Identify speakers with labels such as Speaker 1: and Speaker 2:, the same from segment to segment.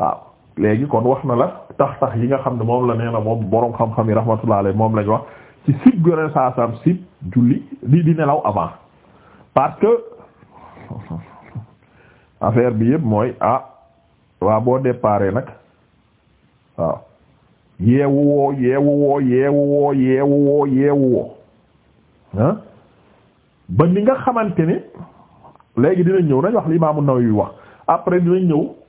Speaker 1: waaw léegi kon wax na la tax tax yi nga xam ne moom la nee na moom boroom xam-xam yi rahmatullah alayhi moom lañ wax ci sib gone saasam sib julli di di nelaw avant parce que affaire bi yëpp mooy ah waa boo déparé nag waaw yeewu woo yeewu woo yeewu woo yeewu woo ba ni nga xamante ni léegi dinañ ñëw nañ wax lii li Imaamu Nawawi wax après dinañ ñëw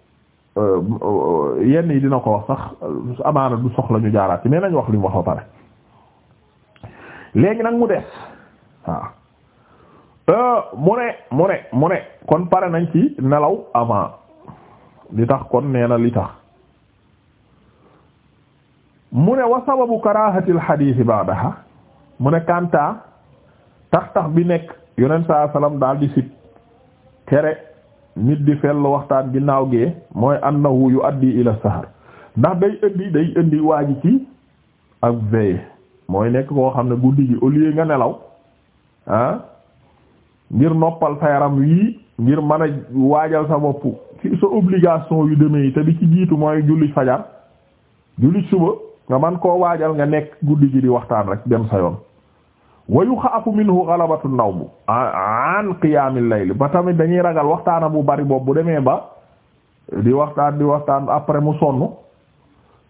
Speaker 1: Euh, euh, yenn yi dina ko wax sax amaana du soxla ñu jaaraat ci mais nañ wax li wax ba pare léegi nag mu des waaw euh, mu ne mu ne mu ne kon pare nañ ci nelaw avant li tax kon nee na li tax mu ne wa sababu karahatil hadith ba'daha mu ne kanta tax tax bi nekk yonent saa salaam daal di sit tere nit di fell waxtaan gi naaw gee mooy annahu yu addi ila sahar ndax day indi day indi waa ci ak veillée mooy nekk koo xam ne guddi gi au lieu nga nelaw ah ngir noppal sa yaram wii ngir mën a waajal sa bopp ci sa obligation yu demee yi te di ci jiitu mooy julli fajar julli suba nga man koo waajal nga nekk guddi gi di waxtaan rek dem sa yoon wa yuxaafu minhu galabatu nawm an qiyaamil layl ba tamit dañuy ragal waxtaana bu bari boobu bu demee ba di waxtaan di waxtaan après mu sonn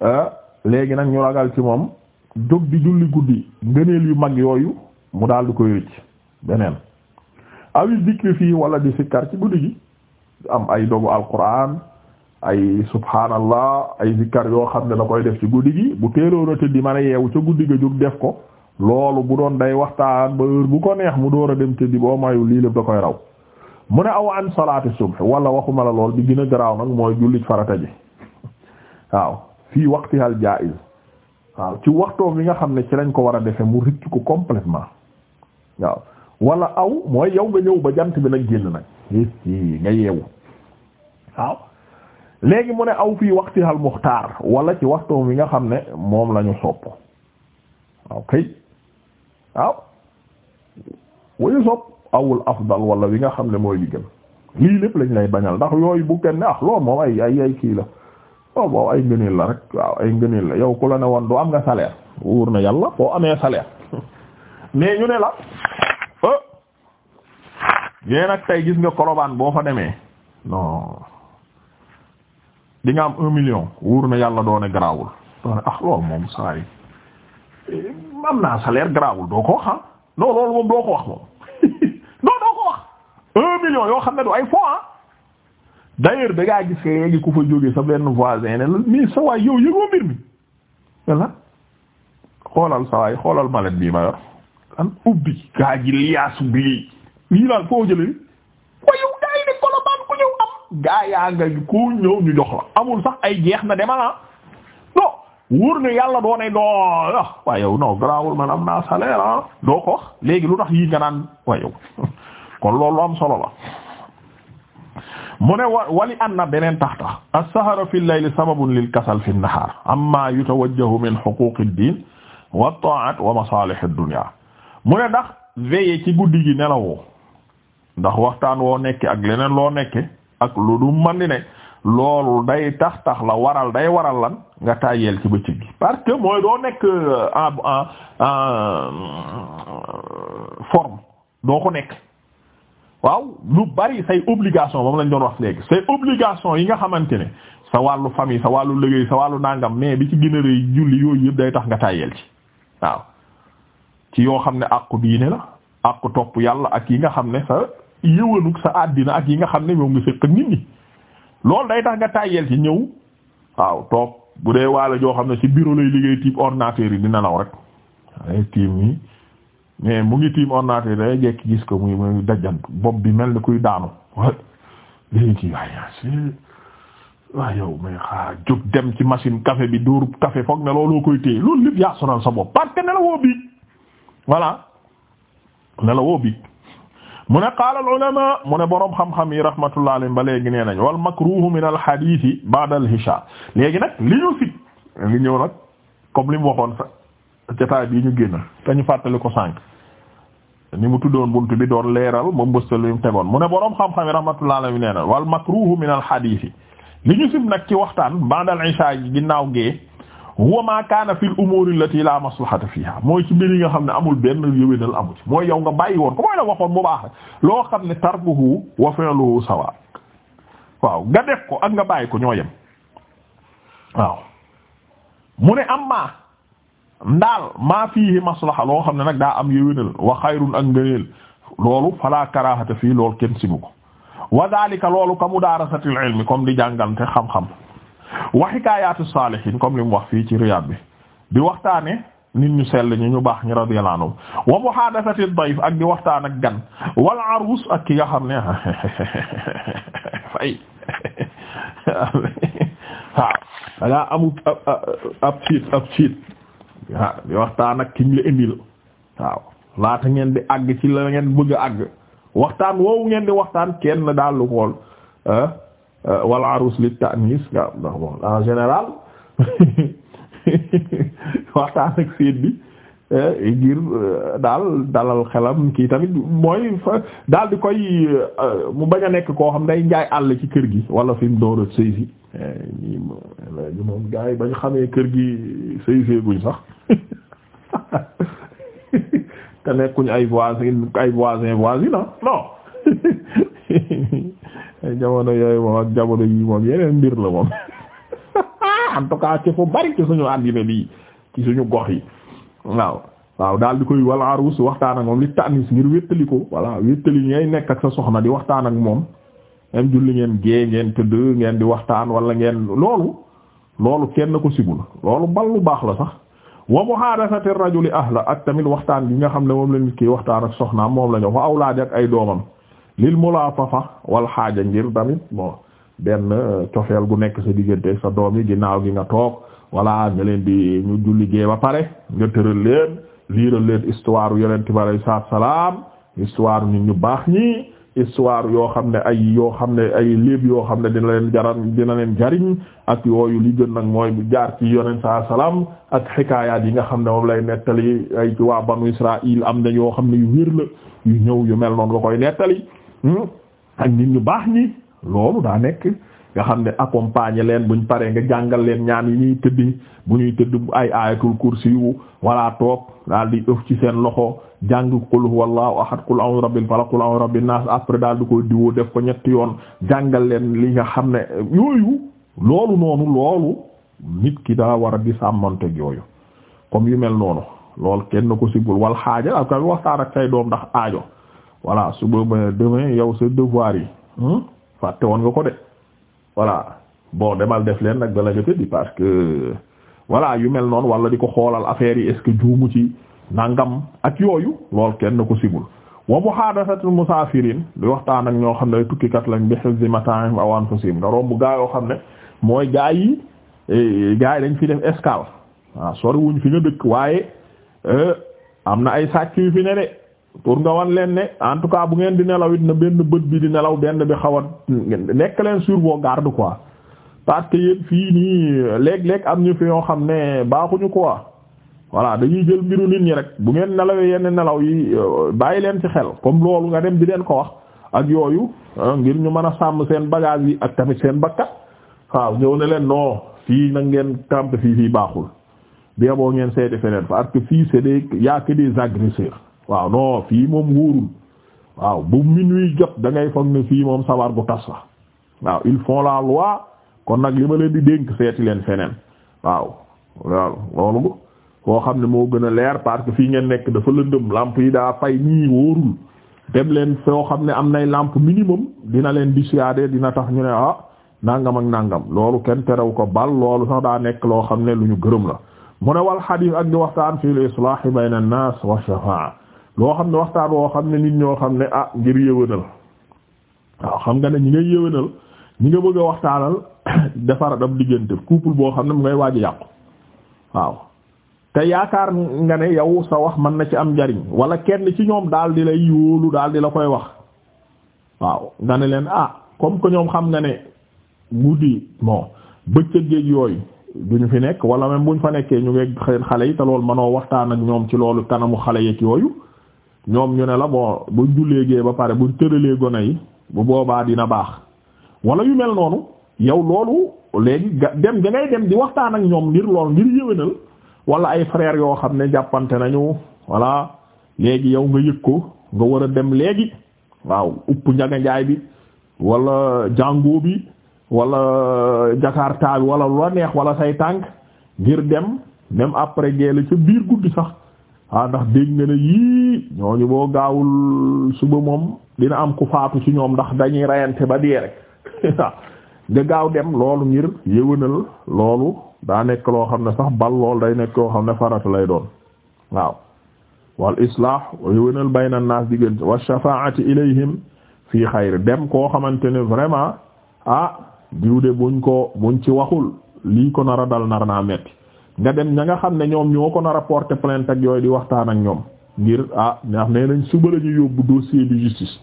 Speaker 1: ah, léegi nag ñu ragal ci moom jóg di julli guddi ngëneel yu mag yooyu mu daal di koy rëcc beneen awi dikri fii wala di sikkar ci guddi gi am ay dogu alquran ay subhanallah ay sikkar yoo xam ne da koy def ci guddi gi bu teeloona tëddi mën a yeewu ca guddi nga jóg def ko loolu bu doon day waxtaan ba bu ko neex mu door a dem tëddi boo mayu lii lépp da koy raw mu ne aw an salaati subh wala waxuma la lool di gën a garaaw nag mooy jullit farata ji waaw fii waqtihal jaiz waaw ci waxtoom yi nga xam ne ci lañ ko war a defe mu rëcc ko complètement waaw aw mooy yow nga ñëw ba jant bi nag génn nag nga yeewu waaw léegi mu ne aw fii waqtihal muxtaar wala ci waxtoom yi nga xam ne moom lañu ñu sopp waaw kay waaw wayu sob awul afdal wala wi nga xam ne mooy li gën lii lépp lañ lay bañal ndax yooyu bu kenn ah loolu moom ay ay ay kii la waaw oh, ay ngëneel la rek waaw ay ngëneel la yow ku la ne woon doo am nga salaire wuur na yàlla boo amee salaire mais ñu ne la yéen oh, nag tey gis nga kolobaan boo fa demee non di nga am un million wóor na yàlla doo doone garaawul doone ah loolu moom saa am naa salaire garaawul doo ko wax ah non loolu moom doo ko wax moom non doo ko wax un million yoo xam ne du ay fo ah d'ailleurs da ngaa gis léegi ku fa jógee sa benn voisin ne mais sa yow yëgoo mbir mi voilà xoolal sa xoolal malet bii ma yor ubbi gaa ji liaas bii lii daal foo jëlee ko yow gaa yi ne Colobane ku ñëw am gaa yaa nga ku ñëw ñu jox la amul sax ay jeex na demal ah. wóor ne yàlla doonay doo ah waaye yow man am naa salaire ah, doo ko wax lu tax yi nga naan kon loolu am solo mu ne wa wali anna beneen tax tax as-sahara fi al-layli sababun lil kasal fi an-nahar amma yutawajjahu min huquq ad-din wa at-ta'at wa masalih ad-dunya mu ne ndax veillé ci guddi gi nelawoo ndax waxtaan woo nekk ak leneen loo nekke ak lu du mën di ne loolu day tax tax la waral day waral lan nga tàyyeel ci bëccëg gi parce que mooy doo nekk euh, en en en doo ko nekk waaw lu bari say obligation moom lañ doon wax léegi say obligation yi nga xamante ne sa wàllu famille sa wàllu liggéey sa wàllu nàngam mais bi ci gën a rëy julli yooyu yëpp day tax nga tàyyeel ci waaw ci yoo xam ne àqu diine la àqu topp yàlla ak yi nga xam ne sa yëwanug sa àddina ak yi nga xam ne moom nga séq nit ñi loolu day tax nga tàyyeel ci ñëw waaw toog bu dee waalo joo xam ne ci bureau lay liggéey tiim ordinateur yi dina law rek ay tiim yi mais mu ngi tiim ordinateur day jekki gis ko muy muy dajant bopp bi mel ni kuy daanu léegi kii waaye yow may xaar jóg dem ci machine café bi dóoru café foog ne looloo koy téye loolu lépp yaa sonal sa bopp parce que ne biig voilà ne biig mu ne qaala al ulama mu ne boroom xam-xam yi rahmatullah alayhim ba léegi nee nañ wal makruhu min al hadith ba'da al hisha léegi nag li ñu fi li ñëw nag comme li mu waxoon sa jotaay ñu génn te ñu fàttali ko sànq ni mu tuddoon buntu bi doon leeral moom bëstal li mu tegoon mu ne boroom xam-xam yi rahmatullah alayhim nee na wal makruhu min al hadith li ñu fi nag ci waxtaan ba'da al isha yi ginnaaw gee wa ma kaana fil umuri allati la maslahata fiha mooy ci mbir yi nga xam ne amul benn yëwénal amu ci mooy yow nga bàyyi woon ko mooy la waxoon mu baax loo xam ne tarkuhu wa fi'luhu sawa waaw nga def ko ak nga bàyyi ko ñoo yem waaw mu ne am maa ndaal maa fiihi maslaha loo xam ne nag daa am yëwénal wa xayrun ak ngëneel loolu fala karahata fii loolu kenn sibu ko wa dhalika loolu ka mudaarasatil ilmi comme di jàngante xam-xam wa hikaayaatu saalihiin comme li mu wax fii ci Riyaad bi di waxtaane nit ñu sell ñu ñu baax ñu radiyallahu anhu wa muhaadasati dayf ak di waxtaan ak gan wal aruus ak ki nga xam ne fay waaw dangaa amut ab siit ab siit di waxtaan ak kim la indil waaw laata ngeen di àgg ci la ngeen bëgg a àgg waxtaan woowu ngeen di waxtaan kenn daal lu xool eh? Euh, wal arus li ta'nis nga ndax en général waxtaan ak seet bi euh, ngir euh, daal dalal xelam kii tamit mooy fa daal di koy mu bañ a nekk koo xam day njaay àll ci kër gi wala fi mu door a sëy si léegi yi bañ xamee kër gi sëy buñ sax te nekkuñ ay voisin ay voisin voisin ah, non jamono yooyu moom ak jamono yi moom yeneen mbir la moom en tout cas ci fu bari ci suñu àddina bi ci suñu gox yi waaw waaw daal di koy wal arus waxtaan ak moom li tanis ngir wéttali ko voilà wéttali ngay nekk ak sa soxna di waxtaan ak moom même ngeen gée ngeen tëdd ngeen di waxtaan wala ngeen loolu loolu kenn ko sibul loolu bal lu baax la sax wa muhadathati rajuli la ak tamit waxtaan bi nga xam ne moom la nit ki waxtaan ak soxnaam moom la ñoo fa awlaadi ak ay doomam lil mulaafafa wal xaaja ngir tamit bon benn cofeel gu nekk sa diggante sa doom yi ginnaaw gi nga toog walla nga leen di ñu julli gee ba pare nga tëral leen liiral leen histoire yonent bi alayhi salaam histoire ñu baax ñi histoire yoo xam ne ay yoo xam ne ay léeb yoo xam ne dina leen jaran dina leen jariñ ak yooyu li gën nag mooy jaar ci yonent saa salaam ak xikaayaat yi nga xam ne moom lay nettali ay ci waa banu Israaïl am na yoo xam ne yu wér la yu ñëw yu mel noonu nga koy nettali Hmm? ak nit ñu baax ñi loolu daa nekk nga xam ne accompagner leen buñ paree nga jàngal leen ñaan yi ñuy tëddi bu ñuy tëdd ay ayatul kursi yu walla toog daal di ëf ci seen loxo jàng qul huwallahu ahad qul a'udhu rabbil falaq qul a'udhu rabbin nas après daal di koy diwoo def ko ñetti yoon jàngal leen li nga xam ne yooyu loolu noonu loolu nit ki daa war a di sàmmanteeg yooyu comme yu mel noonu lool kenn ko sibul wal xaaja ak waxtaan ak say doom ndax aajo voilà suba ba demain yow sa devoir yi hmm? fàtte woon nga ko de voilà bon demal def leen nag bala nga tëddi parce que voilà yu mel noon wala di ko xoolal affaire yi est ce que juumu ci nangam ak yooyu lool kenn na ko sibul wa muhadathatul musafirin di waxtaan ak ñoo xam ne ay tukkikat lañ bi hifzi mata'im aw anfusihim nga romb gaa xam ne mooy gaa yi eh, gaa yi dañ fi def escale waaw ah, sori fi nga dëkk waaye eh, am na ay sàcc yu fi ne de pour nga wan leen ne en tout cas bu ngeen di nelaw it na benn bët bi di nelaw benn bi xaw a nekk leen sur vos gardes quoi parce que yéen fii nii léeg-léeg am ñu fi yoo xam ne baaxuñu quoi voilà dañuy jël mbiru nit ñi rek bu ngeen nelawee yenn nelaw yi euh, bàyyi leen ci xel comme loolu nga dem di leen ko wax ak yooyu ah, ngir ñu mën a sàmm seen bagage yi ak tamit seen bakkat waaw ñëw ne leen non fii nag ngeen camp fii fii baaxul bien boo ngeen seeti feneen parce que fii c'est des y a que des waaw non fii moom wóorul waaw bu minuit jot dangay foog ne fii moom sabar bu tas la waaw il font la loi kon nag li ma leen di dénk seeti leen feneen waaw waaw loolu foo xam ne moo gën a leer parce que fii ngeen nekk dafa lëndëm lamp yi daa pay nii wóorul dem leen foo xam ne am nay lampe minimum dina leen di dissuader dina tax ñu ne ah nangam ak nangam loolu kenn terewu ko bal loolu sax daa nekk loo xam ne lu ñu gërëm la mu ne wal xadiis ak di wax fil islaahi bayna an-naas wa loo xam ne waxtaan woo xam ne nit ñoo xam ne ah ngir yëwénal waaw xam nga ne ñi ngay yëwénal ñi nga bëgg a waxtaanal defar dam diggante couple boo xam ne mu ngay waaj yàqu waaw te yaakaar nga ne yow sa wax mën na ci am njariñ wala kenn ci ñoom daal di lay yóolu daal di la koy wax waaw nga ne leen ah comme que ñoom xam nga ne guddi bon bëccëg yooyu duñu fi nekk wala même buñ fa nekkee ñu ngi xale yi te loolu mënoo waxtaan ak ñoom ci loolu kanamu xale yeeg yooyu ñoom ñu ne la bon buñ julleegee ba pare buñ tëralee gone yi bu boobaa dina baax wala yu mel noonu yow loolu léegi dem da ngay dem di waxtaan ak ñoom ngir lool ngir yëwénal wala ay frères yoo xam ne jàppante nañu voilà léegi yow nga yëg ko nga war a dem léegi waaw upp njaga njaay bi walla jàngoo bi wala jakarta bi wala lu la neex wala say tànk ngir dem même après géela ca biir guddi sax ah ndax dégg na ne yii ñooñu boo gaawul suba moom dina am ku faatu ci ñoom ndax dañuy reyante ba dee rek nga gaaw dem loolu ngir yëwënal loolu daa nekk loo xam ne sax bal loolu day nekk loo xam ne farata lay doon waaw wal islah yëwënal bayna naas diggante wa shafaati ilayhim fii xayr dem koo xamante ne vraiment ah diw de buñ ko buñ ci waxul lii ko nar a dal nar naa metti nga dem ña nga xam ne ñoom ñoo ko nar a porter plainte ak yooyu di waxtaan ak ñoom ngir ah ndax nee nañ suba la ñu yóbbu dossier bi justice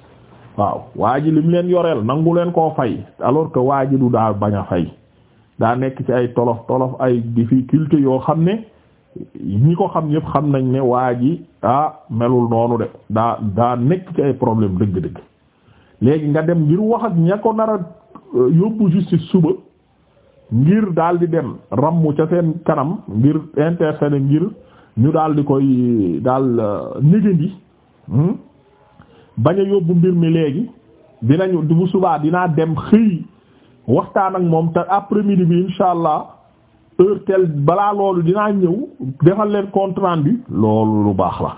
Speaker 1: waaw waa ji lim leen yoreel nangu leen koo fay alors que waa ji du daa bañ a fay daa nekk ci ay tolof tolof ay difficulté yoo xam ne ñi ko xam yëpp xam nañ ne waa ji ah melul noonu de daa daa nekk ci ay problème dëgg-dëgg léegi nga dem ngir wax ak ña ko nar euh, yóbbu justice suba ngir daal di dem rammu ca seen kanam ngir intercéder ngir ñu daal di koy daal euh, négandi hmm? bañ a yóbbu mbir mi léegi dinañu bu subaa dinaa dem xëy waxtaan ak moom te après-midi bi insha allah heure telle balaa loolu dinaa ñëw defal leen contrant bi loolu lu baax la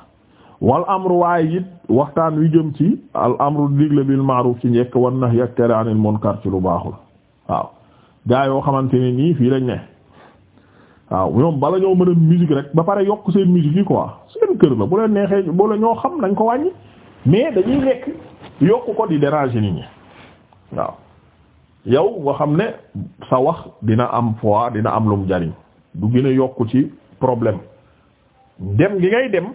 Speaker 1: wal amru waaye it waxtaan wi jëm ci al amru digle bil ma'ruf ci njekk wan na ak tere anil munkar ci lu baaxul waaw gaa yoo xamante ne nii fii lañ ne waaw ñoom bala ñoo mën a musique rek ba pare yokk seen musique yi quoi seen kër la bu leen neexee bu la ñoo xam nañ ko wàññi mais dañuy nekk yokk ko di déranger nit ñi waaw yow nga xam ne sa wax dina am poids dina am lu mu jariñ du gën a yokk ci problème dem gi ngay dem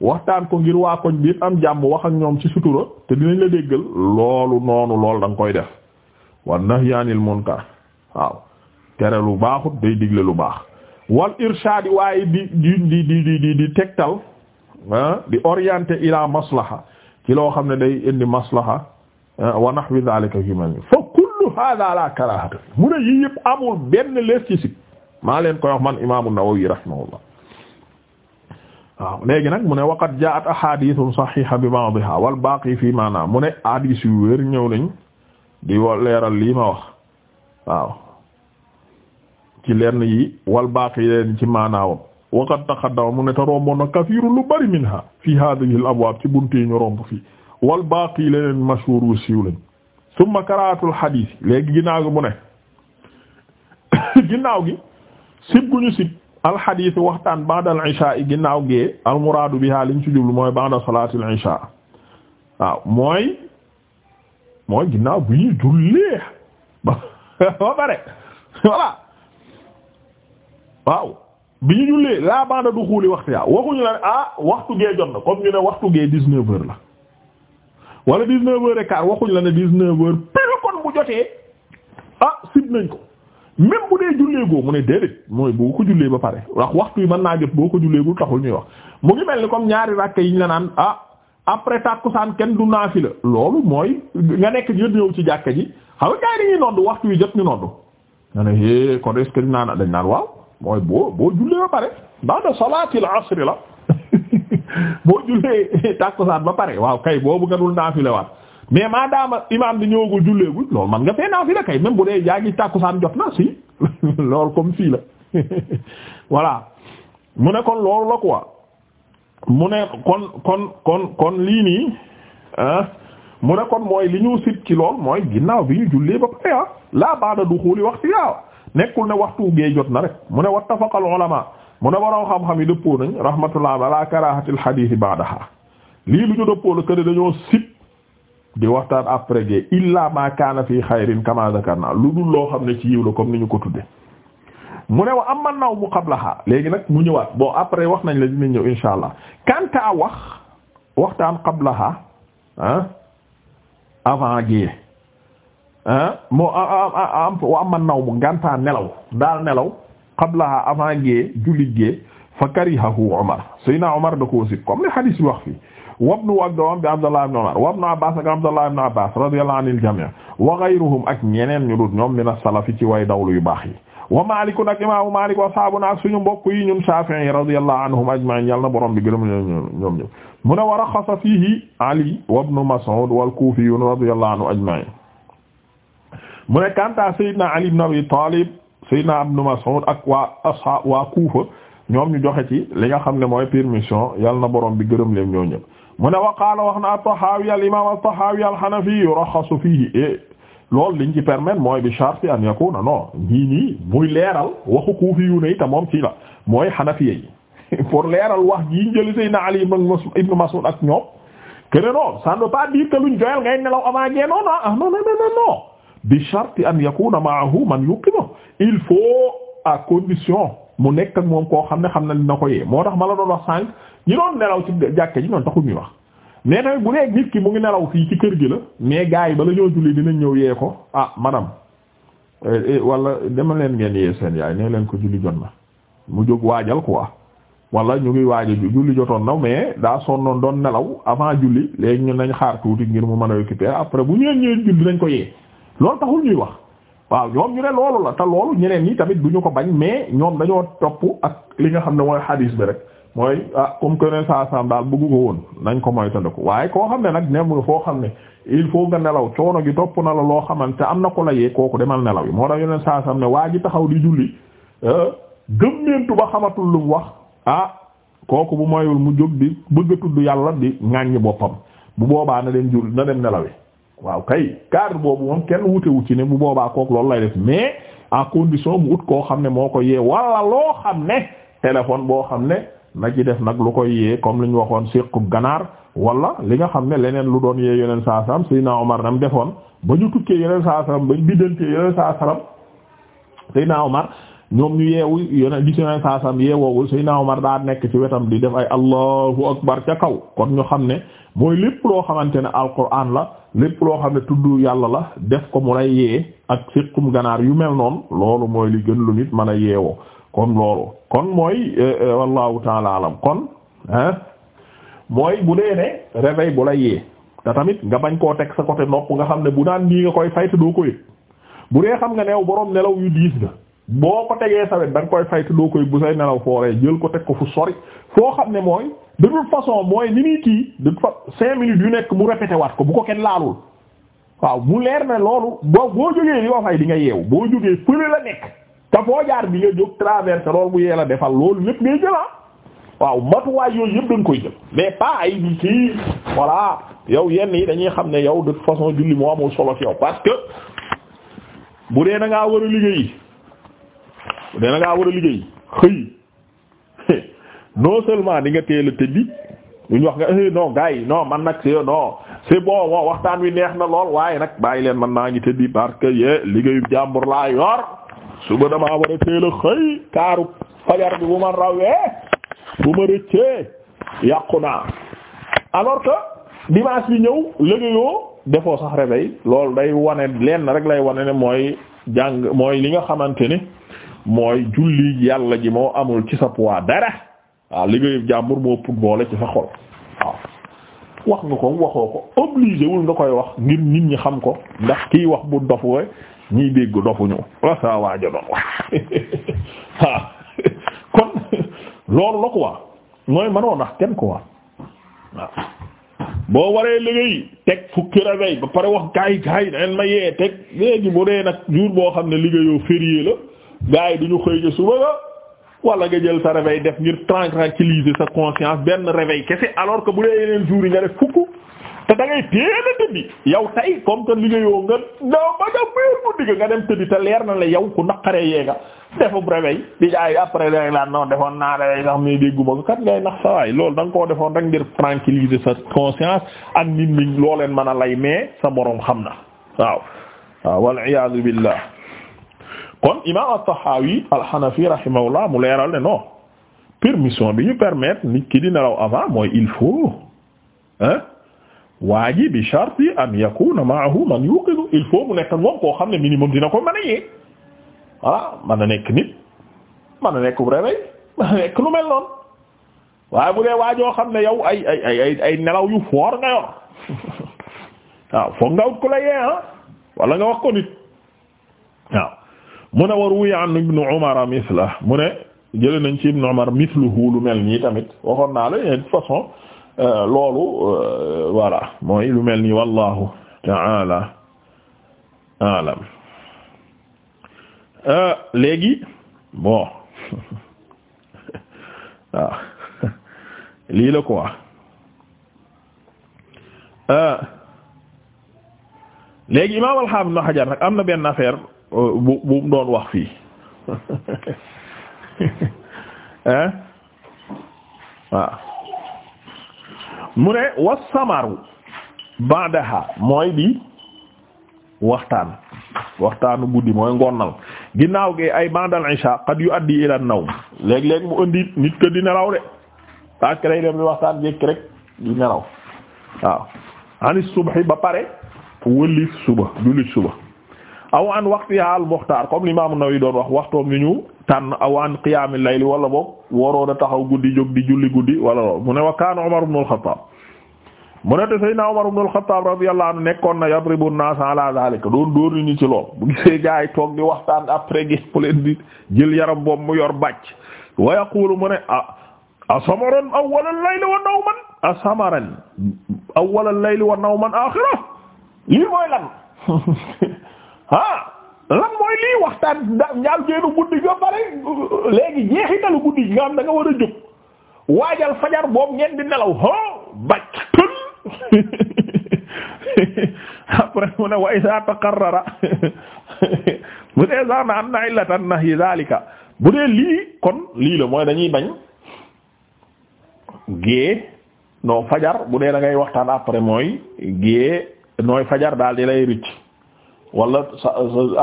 Speaker 1: waxtaan ko ngir waa koñ bi am jàmm wax ak ñoom ci sutura te dinañ la déggal loolu noonu loolu da koy def wa nahyanil munkar waaw tere lu baaxut day digle lu baax wal irshad waaye di di di di di tegtal ah, di orienté ila maslaha ci loo xam ne day indi maslaha ah, wa nahwi dhalika fa kullu hadha la karahata mu ne yii amul benn lees ci si maa leen koy wax man imam an-Nawawi rahimahullah waaw léegi nag mu ne waqad jaat ahadithun sahiha bi ba'diha wal baqi fi maana mu ne hadith yu wér ñëw nañ di leeral lii ma wax waaw ci lenn yi wal baaqi leen ci maanaawam waqad taqaddama mu ne te romboon na kafiirun lu bari minha fi hadhihi al abwaab ci buntu yi ñu romb fii wal baaqi leneen mashhuur wu siiw lañ summa karaatul xadiis léegi ginnaaw gi mu ne ginnaaw gi sib gu ñu sib alxadiis waxtaan ba'da al ishaa yi ginnaaw gee al muraadu biha liñ ci jublu mooy ba'da salaatil ishaa waaw mooy mooy ginnaaw bu ñu jullee ba pare voilà waaw bi ñu jullee laa banda du xuuli waxtu yaa waxuñu la ne ah waxtu gee jot na comme ñu ne waxtu gee dix la wala dix-neuf heures et waxuñu la ne dix-neuf heures pile kon bu jotee ah sib nañ ko même bu dee jullee goo mu ne déedéet mooy boo ko jullee ba pare wax waxtu yi mën naa jot boo ko jullee bu taxul ñuy wax mu ngi mel ni comme ñaari ràkke yiñ la naan ah après tàkkusaan kenn du naafila loolu mooy nga nekk ñëw ci jàkka ji xam nga yi noddu waxtu wi jot ñu noddu nga ne eh, kon est-ce que naan dañ naan waaw mooy boo boo jullee ba pare ba'da salaatil asri la boo jullee tàkkusaan ba pare waaw kay boobu nga dul naafilewaat mais maadaama imaam di ñëwagul julleegul loolu man nga fee naafile kay même dee yaa ngi tàkkusaan jot na si loolu comme fii la voilà mu ne kon loolu la quoi mu ne kon kon kon kon lii nii mu ne kon mooy li ñu sit ci lool mooy ginnaaw bi ñu jullee ba pare ah laa baada du xuuli waxtu yaaw nekkul ne waxtu gee jot na rek mu ne wax wattafaqal ulama mu ne waroo xam-xam yi dëppoo nañ rahmatullah ala karahatil hadith ba'daha lii lu ñu dëppoo la kër dañoo sit di waxtaan après gee illa ma kaana fi xayrin kama zakarna lu dul loo xam ne ci yiw la comme ni ñu ko tudde mu ne am man naw mu qablaha léegi nag mu ñëwaat bon après wax nañ la dinañ ñëw insha allah kanta wax waxtaan ah, avant gée moo am naw mu gantaa nelaw daal nelaw qablaha avant gée jullit gée fa karihahu Omar Seydina Omar da koo sib comme li hadis bi wax fii wabnu ak doomam bi Abdallah ibn Omar wabnu Abbas ak Abdallah ibn Abbas radiyallahu anil jami' wa ghayruhum ak ñeneen ñu dut ñoom mina salafi ci way dawlu yu baax yi wa maaliku nag imaamu maalik wa ashaabuna ak suñu mbokk yi ñun Shaafi'i yi radiyallahu anhum ajma'in yàlla na borom bi gërëm ñoom ñëpp mu ne wa raxxasa fiihi Ali wa ibnu Mas'ud wal kuufiyyuun radiyallahu anhum ajma'in mu ne kanta Seydina Ali ibn Abi Talib Seydina ibnu Mas'ud ak waa ashaab waa Kuufa ñoom ñu joxe ci li nga xam ne mooy permission yàlla na borom bi gërëm leen ñoo ñëpp mu ne wa qaala wax na at-Tahawi al-imaam at-Tahawi al-Hanafi yuraxxasu fiihi eh, loolu liñ ci permettre mooy bi sharti an yakuna non ñii nii muy leeral waxu kuufi yu ne te moom ci la mooy xanafiya yi pour leeral wax jii jëli Seydina Ali ibn Mas'ud ak ñoom que ne non ça ne veut pas dire que luñ joyal ngay nelaw avant ah non non non non bi sharti an yakuna ma'ahu man yuqimu il faut à condition mu nekk moom koo xam ne xam na li na ko moo tax ma la doon wax sànq ñi doon nelaw ci jàkke ji noonu taxul wax mais tamit bu dee nit ki mu ngi nelaw fii ci kër gi la mais gars yi bala ñoo julli dinañ ñëw yee ko ah madame eh, eh, wala dama leen ngeen yee seen yaay nee leen ko julli jot na mu jóg waajal waa wala ñu ngi waaj julli jotoon na mais daa sonnoon doon nelaw avant julli léegi ñu nañ xaar tuuti ngir mu mën a occuper après bu ñu ñëwee julli nañ ko yee loolu taxul ñuy wax waaw ñoom ñu ne loolu la te loolu ñeneen ñi tamit du ñu ko bañ mais ñoom dañoo topp ak li nga xam ne mooy hadis bi rek. mooy ah comme que ne saa saam daal bëggu ko woon nañ ko moytandiku waaye koo xam ne nag nem foo xam ne il faut nga nelaw coono gi topp na la loo xamante am na ko la yee kooku demal nelaw yi moo tax yeneen saa saam ne waa ji taxaw di julli ah, gëmmeentu ba xamatul lu wax ah kooku bu moyul mu jóg di bëgg tudd yàlla di ŋàññi boppam bu boobaa na dem jul na dem nelawi waaw kay cadre boobu moom kenn wutewu ci ne bu boobaa kook loolu lay def mais à condition koo xam ne moo ko yee wala loo ne téléphone boo xam ne. nag yi def nag lu koy yee comme li ñu waxoon séqu ganaar wala li nga xam ne leneen lu doon yee yeneen saa salam Seydina Omar nam defoon ba ñu tukkee yeneen saa salam ba ñu biddantee yeneen saa salam Seydina Omar ñoom ñu yeewu yeneen gis yeneen saa salam yeewoowul Seydina Omar daa nekk ci wetam di def ay allahu akbar ca kaw kon ñu xam ne mooy lépp loo xamante ne alquran la lépp loo xam ne tudd yàlla la def ko mu lay yee ak séqum ganaar yu mel noonu loolu mooy li lu mën a yeewoo kon loolu kon mooy euh, euh, wallahu taala alam kon ah mooy bu nee ne réveil bu la yee te tamit nga bañ koo teg sa côté nopp nga xam ne bu naan nii nga koy fay doo ko yëg bu dee xam nga neew boroom nelaw yu diis nga boo ko tegee sawet wet da nga koy fay doo ko yëg bu say nelaw fooree jël ko teg ko fu sori foo xam ne mooy de toute façon mooy ni muy de toute façon cinq minutes yu nekk mu répété wat ko bu ko kenn laalul waaw mu leer ne loolu boo boo jógee li fay te foo jaar bi nga jóg traversé loolu yee a defal loolu lépp ngay jëla ah. waaw matuwaay yooyu yëpp da koy jël mais pas ay bi ci voilà yow yenn yi dañuy xam ne yow de toute façon julli moo amul solo ci yow parce que bu dee da ngaa war a liggéey bu dee da ngaa war a liggéey xëy non seulement di nga teel a tëddi ñu wax nga eh, non gars yi non man nag c'est non c'est bon waxtaan wi neex na lool waaye nag bàyyi leen man naa ngi tëddi parce que yee liggéeyu jàmbur laa yor. suba damaa war a xëy kaaru fajar bi bu ma rawee bu ma rëccee yàqu naa alors que dimanche bi ñëw liggéeyoo defoo sax réveil loolu day wane lenn rek lay wane ne mooy jàng mooy li nga xamante ni mooy julli yàlla ji moo amul ci sa poids dara waaw liggéeyu jàmbur moo put boole ci sa xol waaw wax nga ko waxoo ko obligé wul nga koy wax ngir nit ñi xam ko ndax kiy wax bu dof we ñiy dégg dofuñu wasaa waajo doon wax waaw kon loolu la quoi mooy mënoo nax kenn quoi waaw boo waree liggéey teg fukki réveil ba pare wax gaay gaay dañ ma yee teg léegi bu dee nag jour boo xam ne liggéeyoo férié la gaay duñu xëy ci suba ba wala nga jël sa réveil def ngir tranquilliser sa conscience benn réveil kese alors que bu dee yeneen jour yi nga def fukk te da ngay a tëddi yow tey comme que liggéeyoo nga daaw ba nga wéer mu digg nga dem tëddi te leer na la yow ku naqaree yee nga defu réveil di jaay après rek laa defoon naa réveil sax muy dégguma ko kat ngay nax sawaay loolu da nga koo defoon rek ngir tranquilliser sa conscience ak nit ñi loo leen mën a lay mais sa borom xam na waaw. waaw wal iyaadu billah kon imaam mu leeral ne non permission bi ñu permettre nit ki di nelaw avant mooy il faut hein waa ji bi sharti an yakuna ma'ahu man yuqidu il faut mu nekk moom koo xam ne minimum dina ko mën a yee voilà mën a nekk nit ma a nekk bu réveil mën a nekk lu mel noonu waaye bu dee xam ne yow ay ay ay nelaw yu foor nga yor waaw foog nga ut ko la yee ah nga wax ko nit waaw mu ne war wuya an ibnu umar mu ne jële nañ ci ibnu umar misluhu lu mel nii tamit waxoon naa la de toute façon Euh, loolu euh, voilà mooy lu mel nii wallahu taala alam euh, léegi bon waaw lii la quoi léegi imaam al-Hafiz Ibn nag am na benn affaire bu bu mu doon wax fii waaw mu ne wassamaru ba'daha mooy di waxtaan waxtaanu guddi mooy ngonnal ginnaaw gi ay ba'dal isha yu yu'addi ila an-nawm léeg-léeg mu indi nit ko di nelaw de parce que day dem di waxtaan jékki rek di nelaw waaw ani subhi ba pare wëlif suba jullit suba aw an waqtiha al-mukhtar comme l'imam An-Nawawi doon wax waxtoom yu ñu tànn awaan qiyaamil layli wala boog waroo da taxaw guddi jóg di julli guddi wala lool mu ne wa kaana Umar ibn al-Khattab mu ne te Seydina Umar ibn al-Khattab radiyallahu anhu nekkoon na yadribu an-nas ala zalika doon dóor ni ci bu gisee gaa yi toog di waxtaan après gis bu leen di jël yaram boobu mu yor bàcc wa yaqulu mu ne a a awwal al-layli wa nawman a awwal al-layli wa nawman akhirah lii mooy lan ah lan mooy lii waxtaan njaal génn guddi ga pare léegi jeexitalu guddi gi nga xam da nga war a jóg waajal fajar boobu ngeen di nelaw ho bacc après mu ne wa isa bu dee sax na am na bu dee lii kon lii la mooy dañuy bañ gée non fajar bu dee da waxtaan après mooy gée nooy fajar daal di lay rëcc wala sa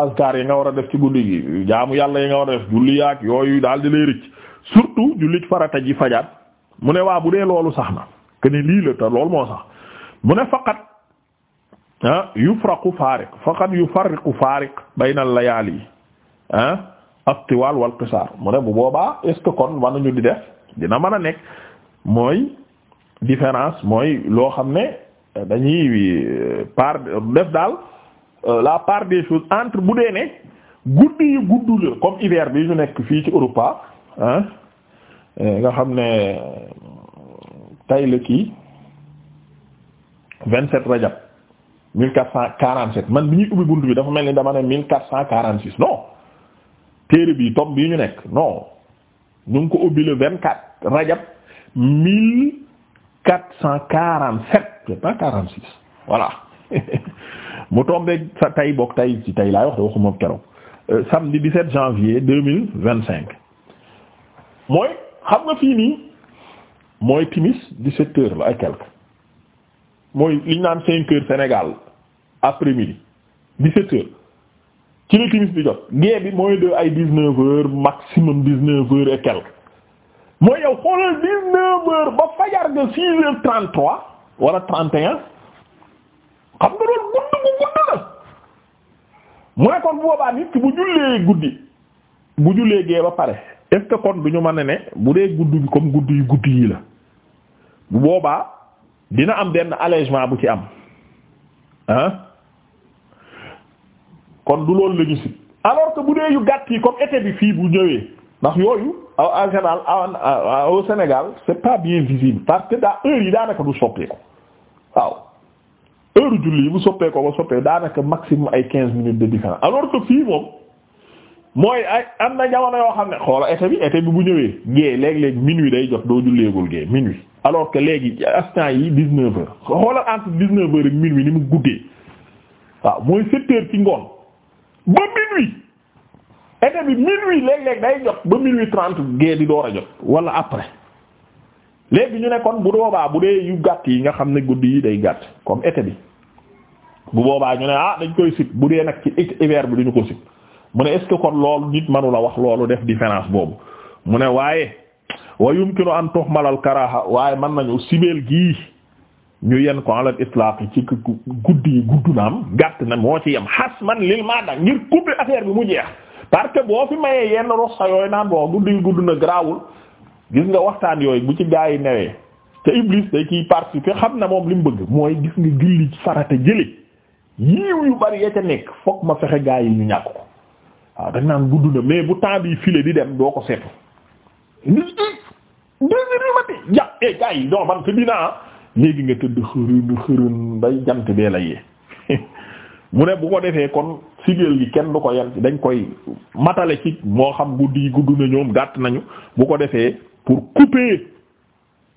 Speaker 1: azkar yi nga war a def ci guddi gi jaamu yàlla yi nga war a def julli yaak yooyu daal di lay rëcc surtout jullit farata ji fajar mu ne waa bu dee loolu sax na que ni lii la te loolu moo sax mu ne faqat ah yufraqu fariq faqat yufarriqu fariq bayna layaali ah at-tiwal wal qisar mu ne bu boobaa est ce que kon mën di def dina mën a nekk mooy différence mooy loo xam ne dañuy euh, par def daal. Euh, la part des choses entre bu dee ne guddi yu gudd la comme hiver bi ñu nekk fii ci Europa ah nga xam ne tay la kii vingt-sept Rajab mille quatre cent quarante-sept man bi ñuy ubbi bunt bi dafa mel ni dama ne mille quatre cent quarante-six non téere bi tom bii ñu nekk non ñu ngi ko ubbi le vingt-quatre Rajab mille quatre cent quarante-sept pas quarante-six voilà mu tombé sa tay bokk tay ci tay laay wax de waxuma keroog euh, samedi 17 janvier 2025 mooy xam nga fii nii mooy timis 17 heures la ay quelque mooy li naan 5 heures Sénégal après-midi 17 heures ci la timis bi jot gée bi mooy de ay 19 heures maximum 19 heures et quelque mooy yow xoolal 19 heures ba fajar de 6 heures 33 wala 31 xam nga loolu. mu ne kon bu boobaa nit ki bu jullee guddi bu jullee gee ba pare est ce kon du ñu mën a ne bu dee guddi gi comme guddi yu guddi yi la bu boobaa dina am benn allègement bu ci am ah kon du loolu la ñu alors que bu dee yu gàtt yi comme été bi fii bu ñëwee ndax yooyu en général au Sénégal c'est pas bien visible parce que daa heure yi daanaka du soppeeku waaw. heure julli yi bu soppee ko ba soppee daanaka maximum ay quinze minutes de différence alors que fii moom mooy ay am na jamono yoo xam ne xoola été bi été bi bu ñëwee gée léeg-léeg minuit day jot doo julleegul gée minuit alors que léegi instant yi dix-neuf heures xoolal entre dix-neuf heures ak minuit ni mu guddee waaw mooy sept ci ngoon ba minuit été bi minuit léeg-léeg day jot ba minuit trente di door a jot wala après léegi ñu ne kon bu doobaa bu de yu gàtt yi nga xam ne guddi yi day gàtt comme bi bu boobaa ñu ne ah dañ koy sib bu dee nag ci hiver bi duñu ko sib mu ne est-ce que kon loolu nit manu la wax loolu def différence boobu mu ne waaye wa yumkinu an malal karaha waaye mën nañu sibeel gii ñu yen ko alal itlaq ci guddi yi gudd am gàtt na moo ci yem xas man lil maada ngir couper affaire bi mu jeex parce que boo fi mayee yenn roxa yooyu naan boo guddi yi gudd na garaawul gis nga waxtaan yooyu bu ci gaa yi newee te Iblis day kiy participer xam na moom li mu bëgg mooy gis nga julli farata jëli yiiw yu bari ya ca nekk fokk ma fexe gaa yi ñu ñàkk ko waaw dañ naan gudd mais bu temps bi file di dem doo ko seetu ndi désiréer ma de ja eh nga tëdd xërën jant bee la ne bu ko defee kon sigéel gi kenn du ko yal dañ koy matale ci moo xam gudd na ñoom gàtt nañu bu ko defee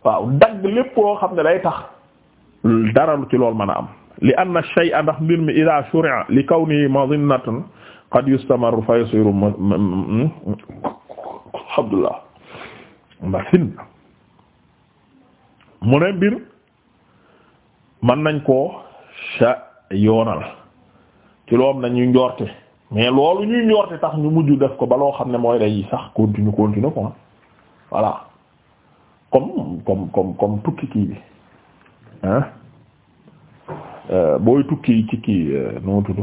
Speaker 1: waaw dagg lépp loo xam ne day tax dara lu ci loolu mën a am. li anna shay'a ndax mbir mi ila shuri'a li kawni madinnatan qad yustamarru fa yasiru hmm? alhamdulillah mu ne mbir mën nañ ko sha yoonal ci loom nañu njoorte mais loolu ñuy njoorte tax ñu mujj def ko ba loo xam ne mooy day sax continue continue quoi voilà comme comme comme tukki kii bi Euh, booy tukki ci kii euh, nu mu tudd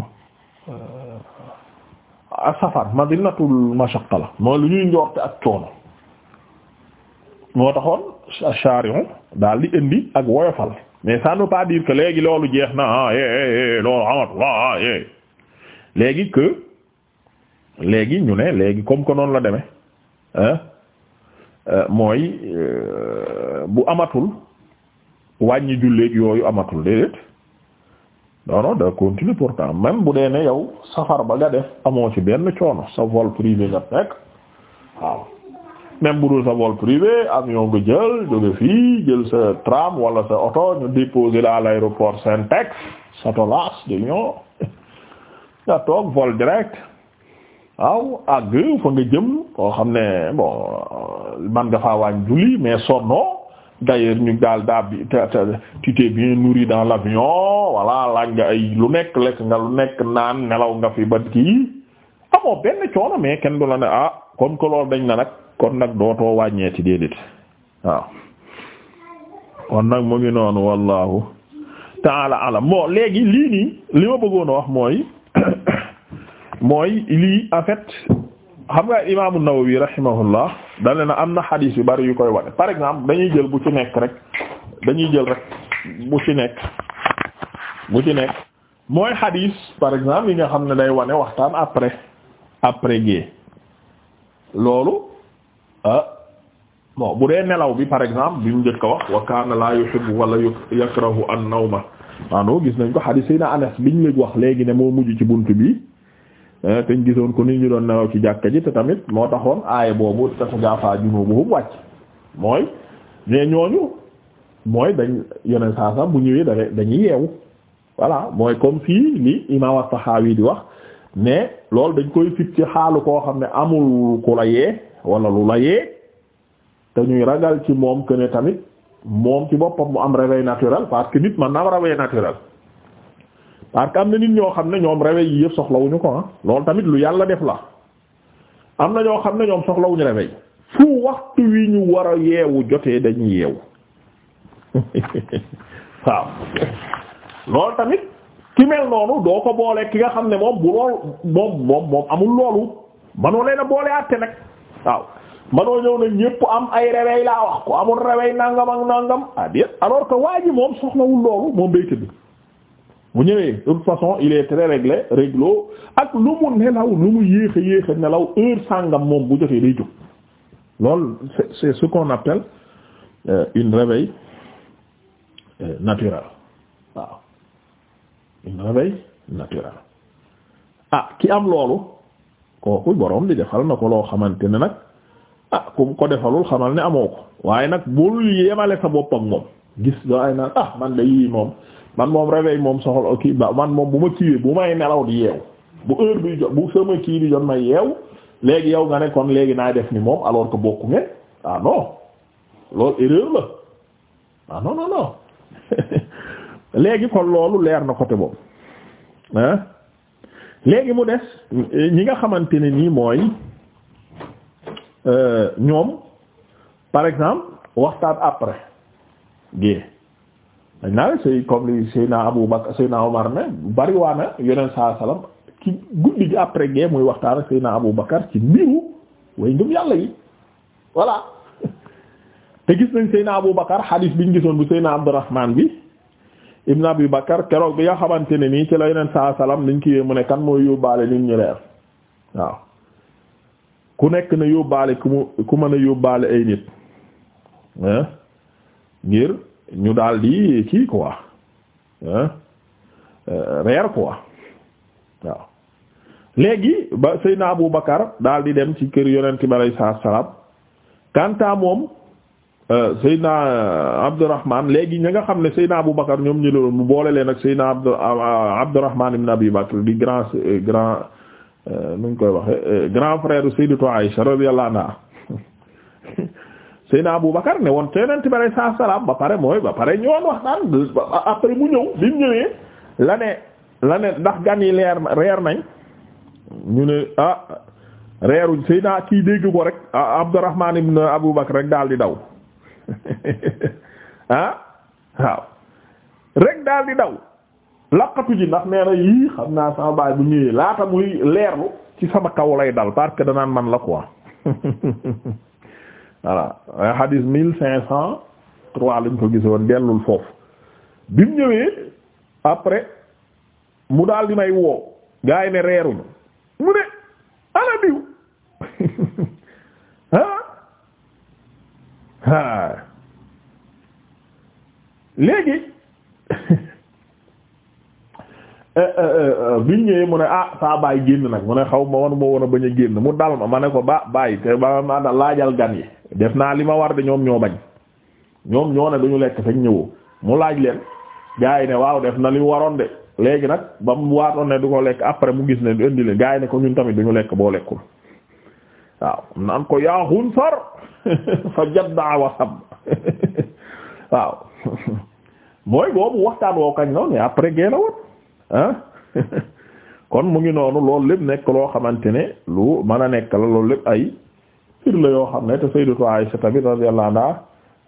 Speaker 1: asafar euh, madinatul mashaqqa la mooy lu ñuy njoorte ak coono moo taxoon charion daal di indi ak woyofal mais ça ne veut pas dire que léegi loolu jeex na ah eh eh, eh loolu amatul ah, ah eh léegi que léegi ñu ne léegi comme que noonu la demee mooy bu amatul wàññi julleek yooyu amatul déedéet. non non da continuer pourtant même bu dee ne yow safar ba nga def amoo ci benn coono sa vol privé nga fekk waaw même bu dul sa vol privé avion nga jël jóge fii jël sa tram wala sa oto ñu déposer la à l'aéroport Saint-Ex Satolas de nga toog vol direct waaw àgg fa nga jëm koo xam ne bon euh, man nga faa waañ julli mais sonnoo d'ailleurs ñu daal daa bi tu t'es bien nourri dans l'avion voilà laaj nga ay lu nekk lekk nga lu nekk naan nelaw nga fi ba kii amoo benn coono mais kenn du la ne ah comme que loolu dañ na nag kon nag dootoo wàññeeti déedéet waaw kon nag mu ngi noonu wallahu taala alam bon léegi lii nii li ma bëggoon wax mooy mooy lii en xam nga imaamu Nawawi rahimahullah dale na am na xadiis yu bari yu koy wane par exemple dañuy jël bu ci nekk rek dañuy jël rek bu ci nekk bu ci nekk mooy xadiis par exemple yi nga xam ne day wane waxtaan après après gée loolu ah bu dee nelaw bi par exemple bi mu njëkk a wax wa kaana la yuhibbu wala yakrahu an-nawma maanaam gis nañ ko xadiis yi na Anas biñ léegi wax léegi ne moo mujj ci bunt bi Eh, te ñu gisoon ko ni ñu doon nelaw ci jàkka ji te tamit moo taxoon aaye boobu tatajaafa junuubuhum wàcc mooy mais ñooñu mooy dañ yeneen saa sax bu ñëwee da dañuy yeewu voilà mooy comme fii li imaam at-Tahawi di wax mais loolu dañ koy fit ci xaalu koo xam ne amul ku la yee wala lu la yee te ñuy ragal ci moom que ne tamit moom ci boppam mu am réveil naturel parce que nit man na am réveil naturel. parce que am na nit ñoo xam ne ñoom réveil yi yëpp soxlawuñu ko ah loolu tamit lu yàlla def la am na ñoo xam ne ñoom soxlawuñu réveil fu waxtu wi ñu war a yeewu jotee dañu yeewu waaw loolu tamit ki mel noonu doo ko boole ki nga xam ne moom bu lool moom moom moom amul loolu manoo leen a boole àtte nag waaw manoo ñëw na ñépp am ay réveil laa wax ko amul réveil nangam ak nangam ah alors que waa moom soxlawul loolu moom day tëdd bu ñëwee de toute façon il est très réglé réglo ak lu mu nelaw lu mu yéex a nelaw heure sàngam moom bu jotee day jóg lool c'est ce qu'on appelle euh, une réveil euh, naturel waaw une réveil naturel ah ki am loolu kooku boroom di defal na ko loo xamante ne nag ah ku ko defalul xamal ne amoo ko waaye nag bul yemale sa bopp ak moom gis doo ay naan ah man de yii moom man moom réveil moom soxla kii ba man moom bu ma kiiwee bu may nelaw di yeew bu heure bi jot bu sama kii di jot may yeew léegi yow nga ne kon léegi naa def ni moom aloor ko bokku ngeen ah non loolu erreur la ah non non non léegi kon loolu leer na côté boobu ah léegi mu des ñi nga xamante ne nii mooy euh, ñoom par exemple waxtaan après gée dañ naa la say comme li Seyna Abu Bakr Seyna Omar ne bari waa na yeneen saa salaam ci guddi gi après guerre muy waxtaan ak Seyna Abu Bakr ci mbiru way ngëm yàlla yi voilà te gis nañ Seyna Abu Bakr hadith bi ñu gisoon bu Seyna Abdurrahman bi Ibn Abi Bakr keroog bi nga xamante ne nii ci la yeneen saa salaam niñ kiiwee mu ne kan mooy yóbbaale nit ñu leer waaw ku nekk na yóbbaale ku mu ku mën a yóbbaale ay nit ngir. ñu daal di kii quoi hein euh, reer quoi waaw léegi ba Seydina Abu Bakar daal di dem ci kër yonent bi alayhi salaam kanta moom euh, Seydina euh, Abdurrahman léegi ñi nga xam ne Seydina Abu Bakar ñoom ñu doon mu boole leen ak Seydina Abdu Abdurrahman ibn Abi Bakr di grand grand nu ñu koy waxe grand frère Sayyidatu Aïsha radiyallahu anha Seyna Aboubacar ne woon Yonent bi alayhi salaatu salaam ba pare mooy ba pare ñëwoon wax naan après mu ñëw bi mu ñëwee la ne la ne ndax gan yi leer reer nañ ñu ne ah reeruñ Seyna kii dégg ko rek ah Abdurrahman ibn Aboubacar rek daal di daw ah waaw rek daal di daw laqatu ji ndax nee na yii xam naa sama baay bu ñëwee laata muy leerlu ci sama kaw lay dal parce que man la quoi. voilà hadis mille cinq cent trois lañ ko gisoon dellul foofu bi mu ñëwee après mu daal di may woo gaa yi ne reeruñu mu ne ana diw Eh, eh, eh, biñ ñëwee mu ne ah saa baay génn nag mu ne xaw ma woon moo woon a bañ a génn mu dal ma ma ne ko ba bàyyi te ba ma da laajal gan yi def naa li ma war de ñoom ñoo bañ ñoom ñoo ne du ñu lekk fekk ñëwoo mu laaj leen gaa yi ne waaw def na li waroon de léegi nag ba mu waatoon ne du ko lekk après mu gis ne du indi leen gaa yi ne ko ñun tamit duñu lekk boo lekkul waaw naan ko yaa Xunsar fa jadda wa sab waaw mooy boobu waxtaan woo kañ noonu après génn woon ah kon mu ngi noonu loolu lépp nekk loo xamante ne lu mën a nekk la loolu lépp ay fir la yoo xam ne te sayyidatu Aisha tamit radiyallahu anha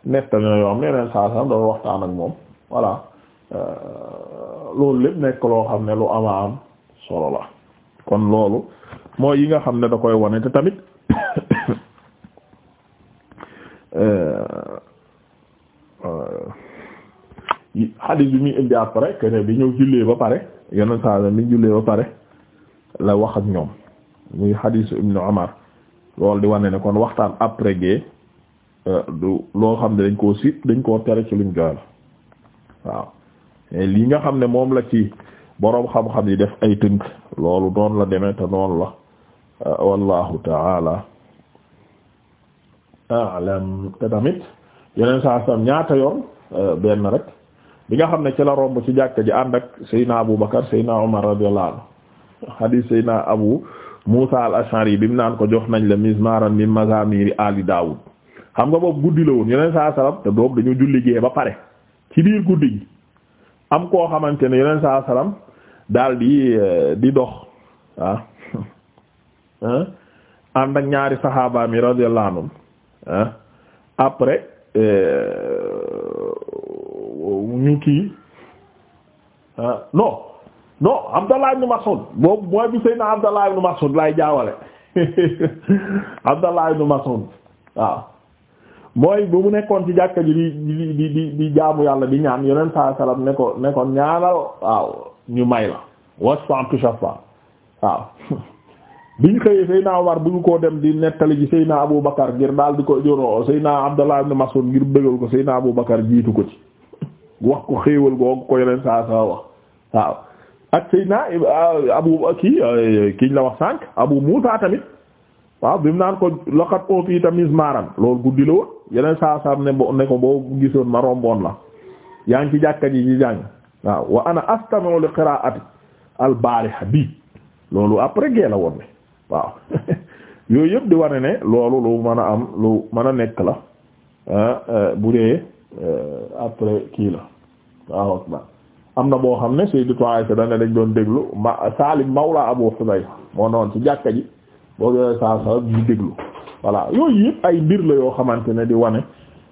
Speaker 1: nettali waxtaan ak moom voilà euh, loolu nekk loo xam ne lu ama am solo la kon loolu mooy yi nga xam ne da koy wane te tamit euh, euh, hadith bi muy indi après que ne bi ñëw jullee ba pare yeneen saa mi jullee ba pare la wax ak ñoom muy hadith ibnu Umar loolu di wane ne kon waxtaan après gee euh, loo xam ne dañ koo siit dañ koo tere ci luñ joxe la waaw lii nga xam ne moom la ci boroom xam-xam yi def ay tënk loolu doon la demee te noonu la euh, wallahu taala te tamit yeneen saa sam ñaata yoon euh, benn rek. bi nga xam ne ci la romb ci jàkka ji ànd ak Seydina Abu Bakar seyna Umar radiyallahu anhu hadith Seydina Abu Musa al-Ash'ari bi mu naan ko jox nañ la mizmaran min mazamiri ali Daawud xam nga boobu guddi la woon yeneen saa salaam te boobu dañu julli gee ba pare ci biir guddi gi am koo xamante ne yeneen saa salaam daal di euh, di dox ah, ànd ak ñaari saxaabaam yi radiyallahu après. Euh, ñu kii ah, non non Abdallah ibn Mas'ud boobu mooy bi sëy na Abdallah ibn Mas'ud laay jaawale Abdallah ibn Mas'ud waaw mooy bu mu nekkoon ci jàkka ji di di di di jaamu yàlla di ñaan yeneen saa salaam nekkoon ko ne ñaanal waaw ñu may la wasfan touchafa waaw biñ xëyee Seyna Omar bu ñu koo dem di nettali ji Seyna Abou Bakar ngir daal di ko jono Seyna Abdallah ibn Mas'ud ngir bëggal ko Seyna Abou Bakar jiitu ko ci wax ko xéewal googu ko yeneen saa saa wax waaw ak Seydina abu kii kiñ la wax sànq abu Muusa tamit waaw bi mu naan ko laqad utiita mizmaran loolu guddi la woon yeneen saa saa ne ne ko boo gisoon ma romboon la yaa ngi ci jàkka ji ci jàng waaw wa ana astami'u li qira'ati al bariha loolu après gee la woon ne waaw yooyu yëpp di wane ne loolu lu mën a am lu mën a nekk la ah, eh, bu dee Euh, après kii la waaw akbar am na boo xam ne Sayyidatu Aisha dana dañ doon déglu ma Salim mawla Abu Hudayfa moo noon ci jàkka ji boo joxee saa saa ñu déglu voilà yooyu yëpp ay mbir la yoo xamante ne di wane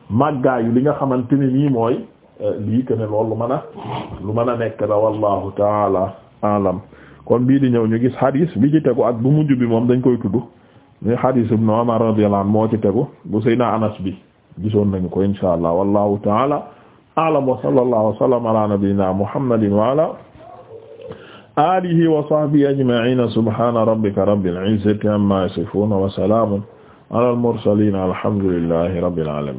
Speaker 1: màggaayu li nga xamante ne nii mooy euh, lii que ne loolu lu mën a lu mën a nekk la wallahu taala alam kon bii di ñëw ñu gis hadis bi ci tegu ak bu mujj bi moom dañ koy tudd ñu hadis Ibn Umar radiyallahu anhu moo ci tegu bu Seydina Anas bi gisoon nañu ko insha allah wallahu taala a'lam wa sallallahu wa sallam ala nabiyyina muhammadin wa ala alihi wa sahbihi ajma'in subhana rabbika rabbil izzati amma yasifun wa salamun ala al mursalin alhamdulillahi rabbil alamin